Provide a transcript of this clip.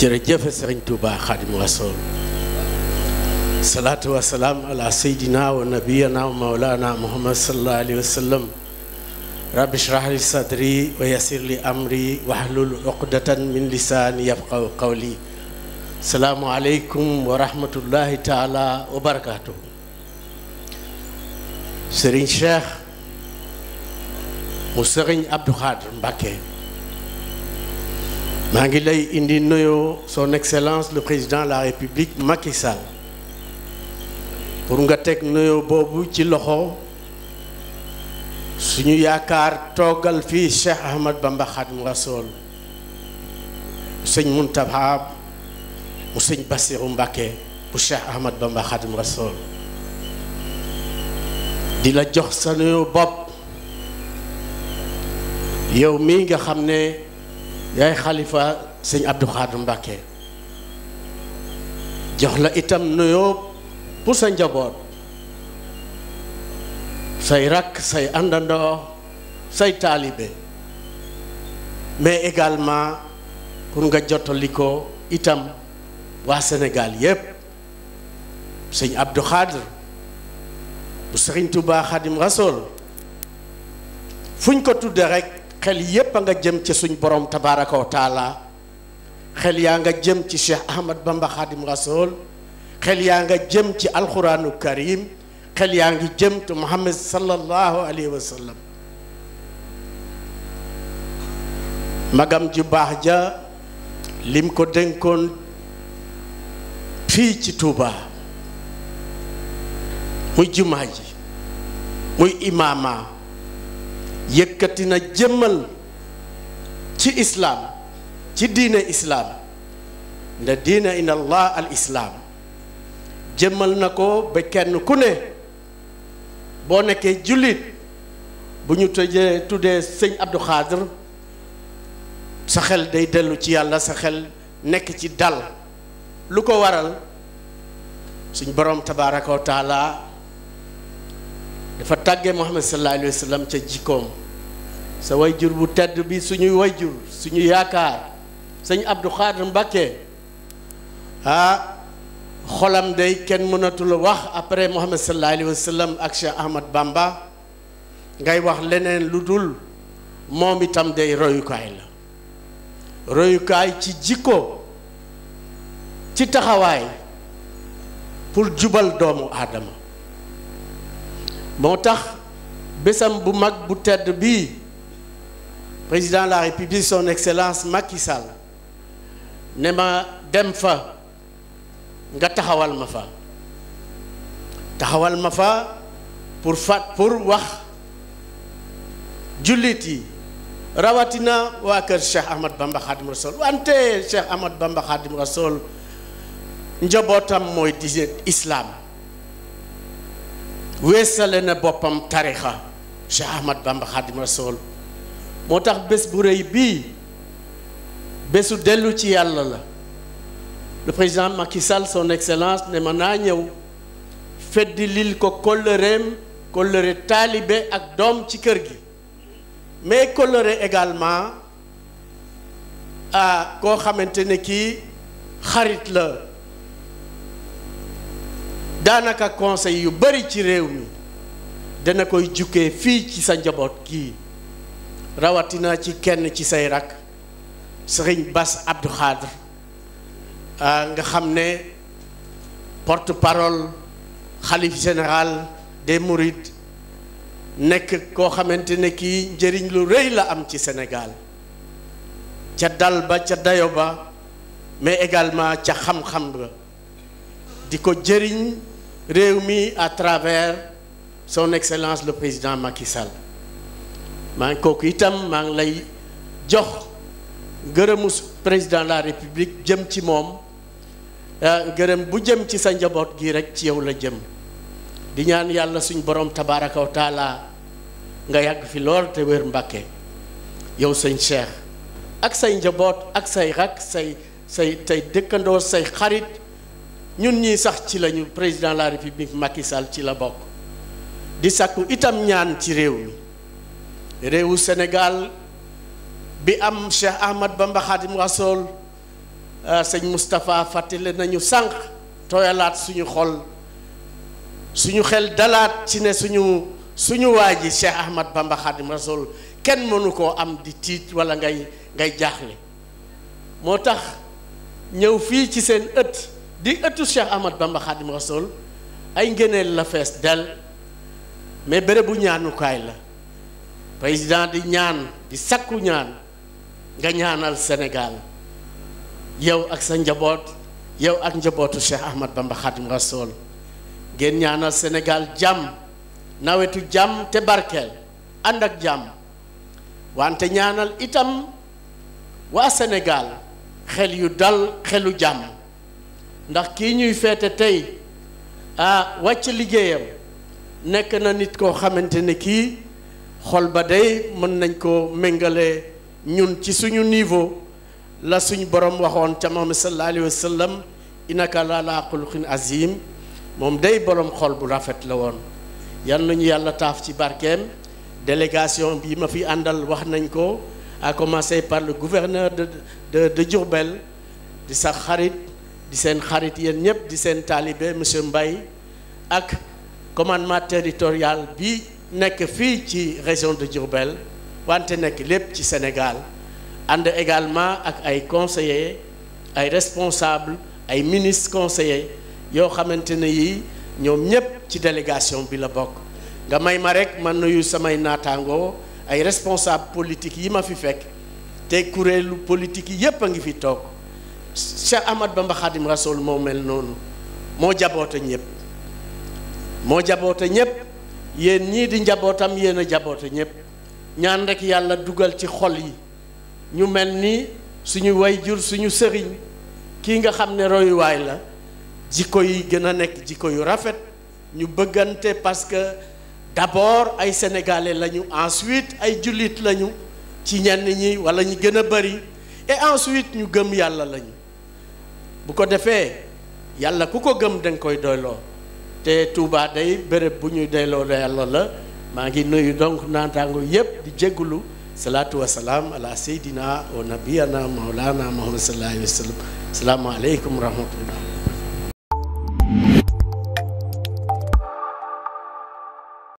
jërëjëf sëriñ Touba Xaadimu Rasuul salaatu wa salaam ala wa nabiyina wa mawlana muhammad sallallahu alayhi wa sallam rabbi li sadri wa yassir li amri wahlul uqdatan min lisaani yafqahu qawli salaamu aleykum wa rahmatullahi taala wa barakaatuhu sëriñ Cheikh mu sëriñ Abdou Khadre Mbacké maa ngi lay indi nuyoo son excellence le président la république Macky Sall pour nga teg nuyoo boobu ci loxo suñu yaakaar toogal fii Cheikh Ahmad Bamba Khadimu Rasool mu sëñ Muntaxa mu sëñ Basiru Mbàkke bu Cheikh Ahmad Bamba Khadimu Rasool di la jox sa nuyoo bopp yow mii nga xam ne yaay xalifa sëñ Abdou Khadre Mbacké jox la itam nuyoo pour sa njaboot say rakk say àndandoo say taalibe mais également pour nga jottali itam waa Sénégal yépp sëñ Abdou Khadre bu Sëriñ Tuubaa Xadim Rasool fu ñu ko tuddee rekk xel yépp a nga jëm ci suñ borom tabaraka wa taala xel yaa nga jëm ci Cheikh Ahmad Bamba Xaadim Rasool xel yaa nga jëm ci alxuraanu karim xel yaa ngi jëm ci Muhammad sallallahu alayhi wa sallam magam ju baax ja lim ko dénkoon fii ci tuubaa muy jumaa ji muy imaama yëkkati na jëmmal ci islaam ci diine islaam nda diine inna al islaam jëmmal na ko ba kenn ku ne boo nekkee jullit bu ñu tëjee tuddee sëñ Abdou Khadr sa xel day dellu ci yàlla sa xel nekk ci dal lu ko waral suñ borom tabaaraka wa dafa tàggee Muhammad sallallahu alayhi wa sallam ca jikkoom sa wayjur bu tedd bi suñuy wayjur suñu yaakaar sëñ Abdou Khadre Mbacké ah xolam day kenn mënatul wax après Muhammad sallallahu alayhi wa sallam ak Cheikh Ahmad Bamba ngay wax leneen lu dul moom itam day royukaay la royukaay ci jikko ci taxawaay pour jubal doomu aadama moo tax bésam bu mag bu tedd bii président de la république son excellence Macky Sall ne ma dem fa nga taxawal ma fa taxawal ma fa pour fat pour wax jullit yi rawatina waa kër Cheikh Ahmad Bamba Khadim Rasoul wante Cheikh Ahmad Bamba Khadim Rasoul njabootam mooy diine islaam weesale na boppam tarixa Cheikh Ahmad Bamba Xaadimu Rasuul moo tax bés bu rëy bii bésu dellu ci yàlla la le président Macky Sall son excellence ne ma naa ñëw feddi lil ko kóllëreem kóllëre taalibe ak doom ci kër gi mais kóllëre également ah koo xamante ne kii xarit la daanaka conseil yu bari ci réew mi dana koy jukkee fii ci sa njaboot kii rawatina ci kenn ci say rak sëriñ Bass Abdou Khadre ah, nga xam ne porte-parole xalif général de mourides nekk koo xamante ne kii njëriñ lu rëy la am ci Sénégal ca dal ba ca dayo ba mais également ca xam-xam ba di ko jëriñ réew mi à travers son excellence le président Macky Sall maa ngi kooku itam maa ngi lay jox gërëmu président la république jëm ci moom euh, gërëm bu jëm ci sa njaboot gi rek ci yow la jëm di ñaan yàlla suñ borom tabaraka wa nga yàgg fi lool te wér mbàkke yow sëñ Cheikh ak say njaboot ak say rak say say tey dëkkandoo say xarit ñun ñi sax ci lañu président la république Macky Sall ci la bokk di sakku itam ñaan ci réew mi réewu Sénégal bi am Cheikh Ahmad Bamba Khadim Rassoul euh, sëñ Moustapha fàttali nañu sànq tooyalaat suñu xol suñu xel dalaat ci ne suñu suñu waa ji Cheikh Ahmad Bamba Khadim Rassoul kenn mënu koo am di tiit walla ngay ngay jaaxle moo tax ñëw fii ci seen ëtt. di ëttu Cheikh Ahmad Bamba Khadim Rasoul ay ngëneel la fees del mais béréb ñaanukaay la président di ñaan di sakku ñaan nga ñaanal Sénégal yow ak sa njaboot yow ak njabootu Cheikh Ahmad Bamba Khadim Rasoul ngeen ñaanal Sénégal jàmm nawetu jàmm te barkeel ànd ak jàmm wante ñaanal itam waa Sénégal xel yu dal xelu jàmm ndax kii ñuy feete tey ah wàcc liggéeyam nekk na nit koo xamante ne kii xol ba day mën nañ koo méngale ñun ci suñu niveau la suñu borom waxoon ca Muhammad sallallahu alayhi wa sallam innaka la laa xuluqin azim moom day boroom xol bu rafet la woon yal nañu yàlla taaf ci barkeem délégation bi ma fi àndal wax nañ ko à commencer par le gouverneur de de de Diourbel di sax xarit di seen xarit yéen ñëpp di seen taalibe monsieur mbay ak commandement territorial bi nekk fii ci région de Diourbel wante nekk lépp ci Sénégal ànd également ak ay conseillers ay responsable ay ministres conseillers yoo xamante ne yii ñoom ñëpp ci délégation bi la bokk nga may ma rek man nuyu samay naataangoo ay responsables politiques yi ma fi fekk te kuréelu politique yi yépp a ngi fi toog Cheikh Ahmad Bamba Khadim Rasoul moo mel noonu moo jaboote ñëpp moo jaboote ñëpp yéen ñii di njabootam yéen a jaboote ñëpp ñaan rek yàlla dugal ci xol yi ñu mel ni suñu way jur suñu sëriñ kii nga xam ne royuwaay la jikko yi gën a nekk jikko yu rafet ñu bëggante parce que d'abord ay sénégalais lañu ensuite ay jullit lañu ci ñenn ñi walla ñu gën a bari et ensuite ñu gëm yàlla lañu. bu ko defee yàlla ku ko gëm da koy doyloo te tuubaa day bërëb bu ñuy doyloo yàlla la maa ngi nuyu donc naataango yépp di jéggulu salaatu wa salaam ala seydina wa nabiyana maulana muhammad sallallahu alayhi wa sallam salaamu aleykum wa